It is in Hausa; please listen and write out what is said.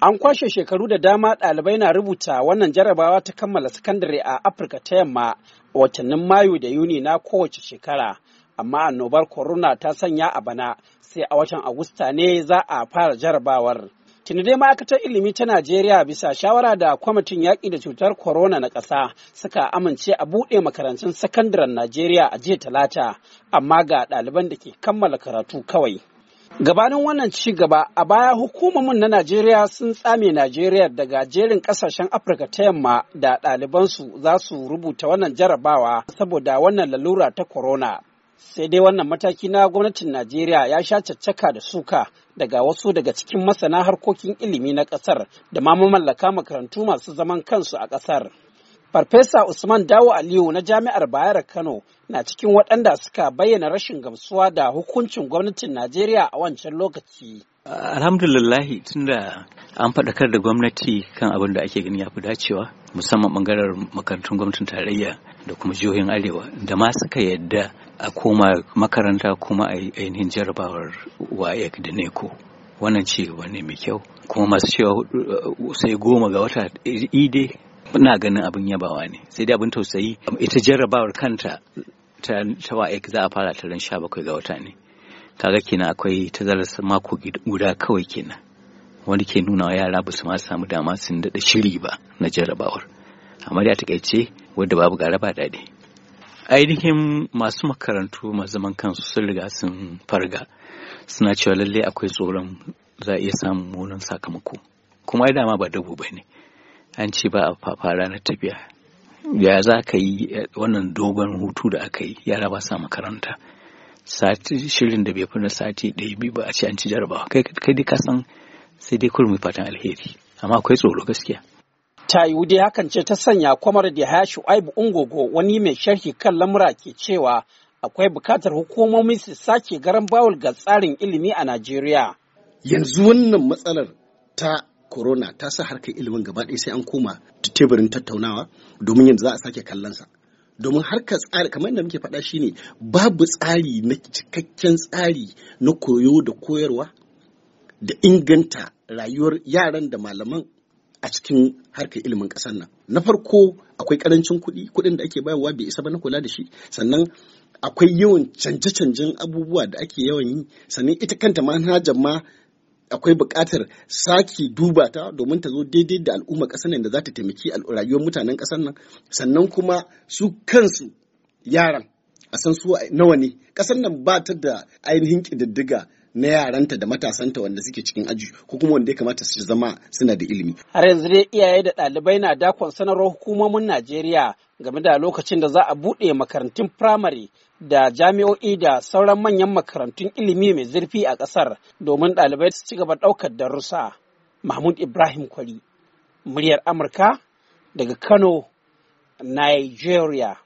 An kwashe shekaru da dama ɗalibai na rubuta wannan jarabawa ta kammala sakandare a Afirka ta yamma a watannin Mayu da Yuni na kowace shekara. Amma annobar corona ta sanya a bana sai a watan Agusta ne za a fara jarabawar. Tuni ma'aikatar ilimi ta Najeriya bisa shawara da kwamitin yaƙi da cutar corona na ƙasa suka amince a buɗe makarantun sakandaren Najeriya a jiya talata amma ga ɗaliban da ke kammala karatu kawai. Gabanin wannan ci gaba a baya hukumomin na Najeriya sun tsame Najeriya daga jerin kasashen Afirka ta yamma da ɗalibansu za su rubuta wannan jarabawa saboda wannan lalura ta corona. Sai dai wannan mataki na gwamnatin Najeriya ya sha caccaka da suka daga wasu daga cikin masana harkokin ilimi na ƙasar da ma mamallaka makarantu masu zaman kansu a ƙasar. Farfesa Usman Dawo Aliyu na Jami'ar Bayar Kano na cikin waɗanda suka bayyana rashin gamsuwa da hukuncin gwamnatin Najeriya a wancan lokaci. Alhamdulillahi tunda an faɗakar da gwamnati kan abin da ake gani ya fi dacewa musamman ɓangaren makarantun gwamnatin tarayya da kuma jihohin arewa da ma suka yadda a koma makaranta kuma a ainihin jarabawar waye da neko wannan ci gaba ne mai kyau kuma masu cewa eh, sai goma ga wata eh, ide na ganin abin yabawa ne sai dai abin tausayi ita jarrabawar kanta ta wa'ek za a fara taron sha 17 ga wata ne kaga kenan akwai ta tazarar mako guda kawai kenan wani ke nuna wa yara ba su ma samu dama sun dada shiri ba na jarrabawar amma da takaice wadda babu gara ba daɗi ainihin masu makarantu masu zaman kansu sun riga sun farga suna cewa lallai akwai tsoron za a iya samun munin sakamako kuma ai dama ba dabu ba ne an ce ba a fara na tafiya ya za ka yi eh, wannan dogon hutu da aka yi yara ba sa makaranta sati shirin da bai fi na sati ɗaya biyu ba a ce an ci jarabawa kai kai dai kasan sai dai kurmi fatan alheri amma akwai tsoro gaskiya ta yiwu dai hakan ce ta sanya kwamar da ya shu'aibu ungogo wani mai sharhi kan lamura ke cewa akwai bukatar hukumomi su sake garan bawul ga tsarin ilimi a najeriya yanzu wannan matsalar ta corona ta sa harkar ilimin gaba ɗaya sai an koma teburin tattaunawa domin yanzu za a sake kallon sa domin harkar tsari kamar yadda muke faɗa shine babu tsari na cikakken tsari na koyo da koyarwa da inganta rayuwar yaran da malaman a cikin harkar ilimin ƙasar nan na farko akwai ƙarancin kuɗi kuɗin da ake bayarwa bai isa ba na kula da shi sannan akwai yawan canje-canjen abubuwa da ake yawan yi sannan ita kanta manhajar ma akwai buƙatar sake duba ta domin ta zo daidai da al'umma ƙasar nan da za ta taimaki rayuwar mutanen ƙasar nan sannan kuma su kansu yaran a san su nawa ne ƙasar nan ba ta da ainihin ƙididdiga na yaranta da matasanta wanda suke cikin aji ko kuma wanda ya kamata su zama suna da ilimi. Har yanzu dai iyaye da ɗalibai na dakon sanarwar hukumomin Najeriya game da lokacin da za a buɗe makarantun firamare da jami'o'i da sauran manyan makarantun ilimi mai zurfi a ƙasar domin ɗalibai su ci gaba ɗaukar darussa. Mahmud Ibrahim Kwari, muryar Amurka daga Kano, Nigeria.